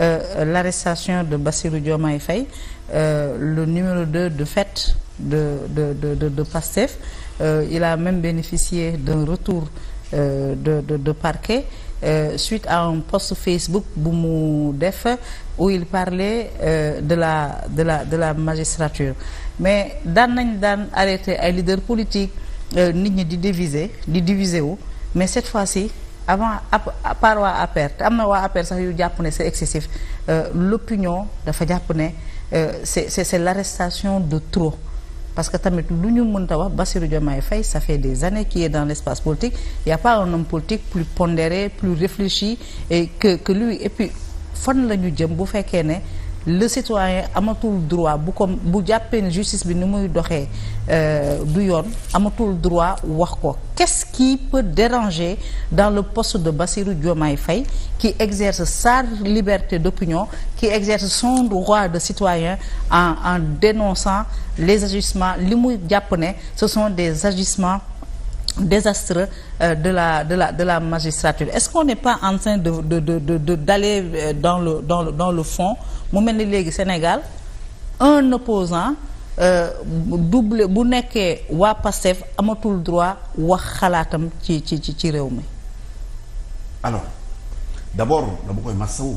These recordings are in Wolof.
euh, l'arrestation de Bassirou Diomaye Faye euh, le numéro 2 de fait de de de de, de Pastef euh, il a même bénéficié d'un retour euh, de de de parquet euh, suite à un post Facebook bu mu def où il parlait euh, de la de la de la magistrature mais daan nañ daan arrêté ay leaders politiques nit ñi di diviser di diviser wu mais cette fois-ci avant à part waa APR te am na waa APR sax yu jàpp ne c'est excessif euh, l'opinion dafa jàpp ne euh, c'est c'est c'est l'arrestation de trop parce que tamit lu ñu mënta wax Bassirou Diomaye Faye ça fait des années qu'il est dans l'espace politique il y a pas un homme politique plus pondéré plus réfléchi et que que lui et puis fan la ñu jëm bu fekkee ne le citoyen amatul droit bu ko bu jàppee ne justice bi ni muy doxee euh, du yoon amatul droit wax ko kes ce qui peut déranger dans le poste de Bassirou Diomaye Faye qui exerce sa liberté d'opinion qui exerce son droit de citoyen en en dénonçant les agissements li muy jàpp ne ce sont des agissements désastreux euh, de la de la de la magistrature est-ce qu'on n'est pas en train de de de de, de d'aller euh, dans le dans le dans le fond mu mel ni léegi Sénégal un opposant euh, double bu nekkee waa Pastef amatul droit wax xalaatam ci ci ci ci réew mi. alors d'abord dama koy masawu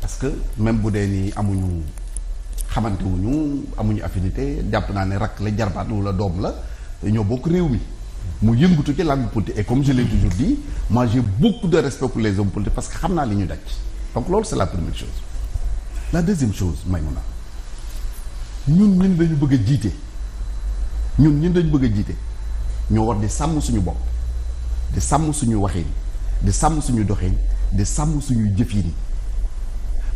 parce que même bu dee ni amuñu xamante wuñu amuñu affinité jàpp naa ne rakk la jarbaat wala doom la ñoo bokk réew mi. mu yëngutu ci langue politique et comme je l'ai toujours dit moi de respect les hommes parce que xam naa li ñu daj donc loolu c'est la première chose la deuxième chose Maïmouna ñun ñun dañu bëgg a jiite ñun ñun dañu bëgg a jiite ñoo war di sàmm suñu bopp di sàmm suñu waxin di sàmm suñu doxin di sàmm suñu jëfin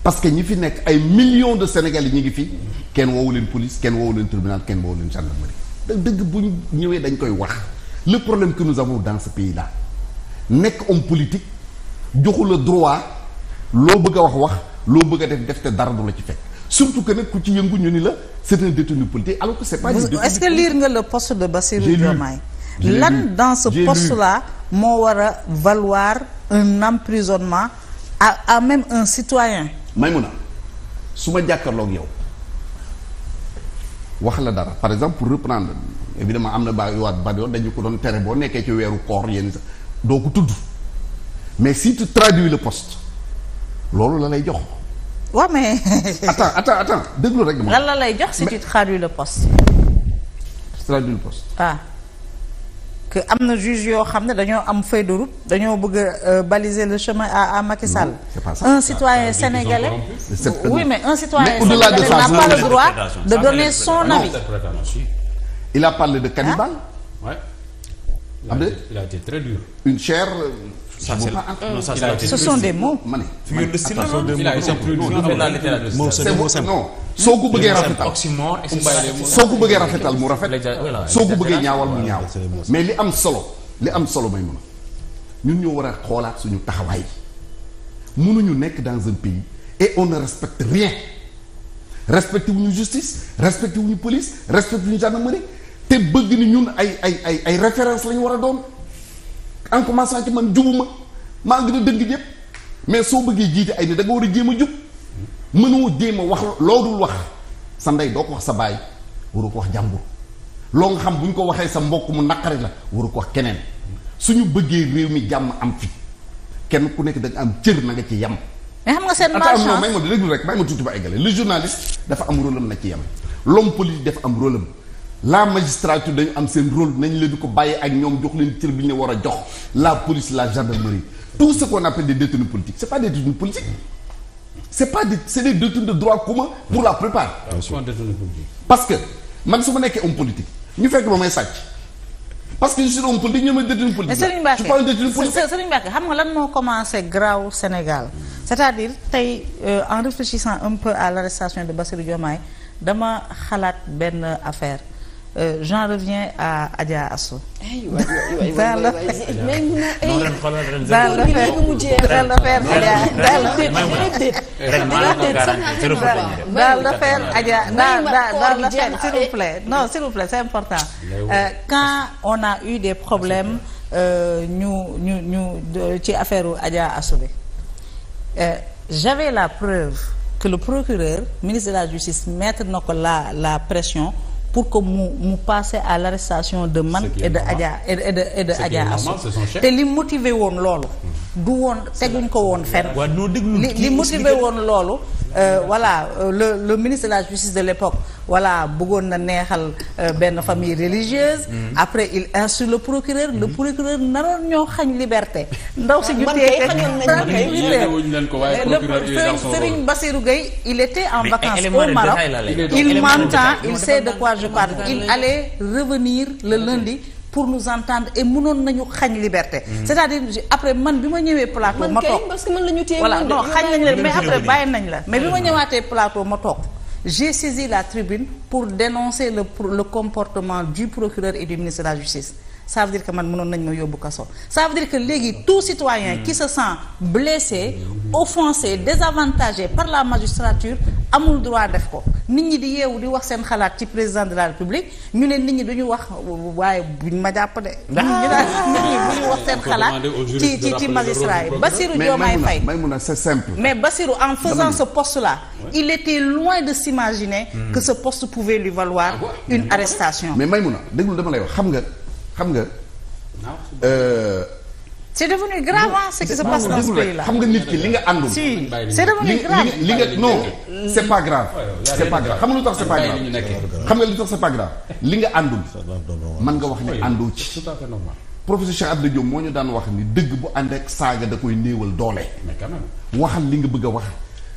parce que ñi fi nekk ay millions de yi ñi ngi fi kenn wowu leen police kenn woowu leen tribunal kenn woowu leen gendarmerie dëgg bu ñu ñëwee dañ koy wax le problème que nous avons dans ce pays là nekk homme politique joxu la droit loo bëgg a wax wax loo bëgg a def def te dara du la ci fekk surtout que nag ku ci yëngu ñu ni la c'est un détenu politique alors que c'est pas. est-ce que lire nga le poste de Bassirou Diomaye lan dans ce poste là moo war a valoir un emprisonnement à à même un citoyen. Maïmouna su ma jàkkaarloog yow wax la dara par exemple pour reprendre. évidemment am na ba yu waat bad yoon dañu ko doon tere boo nekkee ci weeru koor yéen sax doo ko tudd mais si tu traduis le poste loolu la lay jox. waaw mais. attends attends attends déglu rek. lan la lay jox si tu traduis le poste. traduis le poste. ah. am na juge yoo xam ne dañoo am feuille de route dañoo bëgg a euh, baliser le chemin à à Macky Sall. c'est pas ça un citoyen ah, sénégalais. oui mais un citoyen sénégalais n'a pas le droit de donner son avis. il a parlé de cannibale. Ah. Ouais. Il a, été, il a été très dur. Une chair. Euh, ça, mm. c'est la... non, ça, a été ce sont des mots. ma ne figure de style la non soo ko bëggee rafetal soo ko bëggee rafetal mu rafet soo ko bëggee ñaawal mu ñaaw mais li am solo li am solo may mën a ñun ñoo war a xoolaat suñu taxawaay mënuñu nekk dans un pays et on ne respecte rien respecté ñu justice respecté wuñu police respecté wuñu gendarmerie te bëgg ni ñun ay ay ay ay référence la ñu war a doon en commençant ci man jubuma maa gën a dëgg ñëpp mais soo bëggee jiite ay ni da war a jéem a jub mënoo jéem a wax loo wax sa ndey doo ko wax sa baay waru ko wax jàmbur loo nga xam bu ñu ko waxee sa mbokk mu naqari la waru ko wax keneen suñu bëggee réew mi jàmm am fi kenn ku nekk da nga am cër na nga ci yem. mais xam nga seen malchance may ma déglu rek may ma tuuti ba eggale le journaliste dafa am rôle am ci yem l'homme politique dafa am rôle la magistrature dañu am seen rôle nañ leen di ko bàyyi ak ñoom jox leen cër ñu war a jox la police la gendarmerie tout ce qu'on appelle des détenus politiques c'est pas des détenus politiques c'est pas des c'est des détenus ah, parce que man su ma nekkee homme politique ñu fekk ba may sàcc parce que je suis homme politique ñu ma détenu politique je xam nga lan moo commencé graw Sénégal c'est-à-dire tey euh, en réfléchissant un peu à l'arrestation de Bassirou Diomaye dama xalaat benn affaire j'en reviens à Adja Assou. aywa aywa daal l'affaire Adja daal l'affaire s'il vous plaît non s'il vous plaît c'est important quand on a eu des problèmes ñu ñu ñu ci affaire Adja Assou bi j'avais la preuve que le procureur ministre de la justice mettre na ko la pression pour que mu mu passer à l'arrestation de man et de Adja et de et de Adja Assou te li motiver woon loolu du woon teguñ ko woon fenn li li motiver woon loolu euh, voilà euh, le le ministre la justice de l'époque voilà bëggoon na neexal euh, benn famille religieuse mm-hmm. après il insulte le procureur le mm-hmm. procureur naroon ñoo xañ liberté ndaw si ñu téye le Serigne Bassirou Gueye il était en vacances au Maroc il m'entend il sait de quoi je parle il allait revenir le lundi pour nous entendre et mënoon nañu xañ liberté. Mm-hmm. c'est-à-dire après man bi ma ñëwee plateau. ma toog parce que man la ñu téye voilà non xañ nañ la mais après bàyyi nañ la. mais bi ma ñëwaatee plateau ma toog. j'ai saisi la tribune pour dénoncer le comportement du procureur et du ministre de la justice. ça veut dire que man mënoon nañ ma yóbbu kaso ça veut dire que léegi tout citoyen mm. qui se sent blessé mm. offensé désavantagé par la magistrature amul droit def ko nit ñi di yeewu di wax seen xalaat ci président de la république ñu ne nit ñi duñu wax waaye buñ ma jàpp de. ñu ah. naan nit ñi buñu wax seen xalaat ci ci ci magistrat yi. Bassirou Diomaye Faye c'est simple. mais Bassirou en faisant ce poste là il était loin de s'imaginer hmm. que ce poste pouvait lui valoir ah, une arrestation. mais Maïmouna déglu dama lay wax xam nga xam nga. c' est devenu grave hein, ce qui se passe dans ce pays là xam nga nit ki li nga àndul. si c' li nga non c' est pas grave. c' est xam nga lu tax c' est pas nga lu tax c' est li nga àndul mën nga wax ne àndoo ci. professeur Cheikh Abdou Diop moo ñu daan wax ni dëgg bu ànd ak saaga da koy néewal doole. waxal li nga bëgg a wax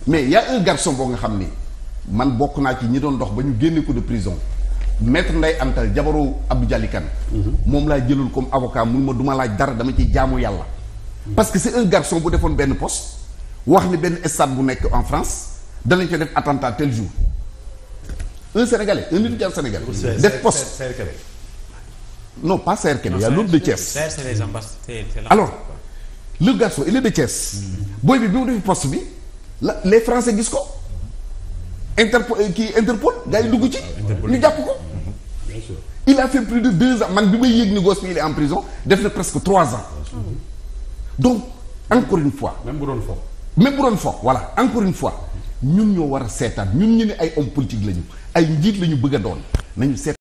mais y' a un garçon boo nga xam ni man bokk naa ci ñi doon dox ba ñu génne ko de prison. maître Ndeye Antal jabaru Abdou Dialikan moom laa jëlul comme avocat mun ma duma laaj dara dama ci jaamu yàlla parce que c'est un garçon bu defoon benn poste wax ni benn stade bu nekk en France danañ ko def attentat tel jour un sénégalais un militaire sénégalais def poste non pas CRK il y a l'autre de Thiès alors le garçon il est de Thiès booy bi bi mu defi poste bi la les français gis ko interpo euh, kii interpol gars yi dugg ci ñu jàpp ko il a fait plus de deux ans man bi may yéeg ni gosse bi il est en prison def na presque trois ans donc encore une fois. même bu doon fo. même bu doon fo voilà encore une fois ñun ñoo war a seetaan ñun ñu ne ay hommes politiques lañu ay njiit lañu bëgg a doon nañu seet.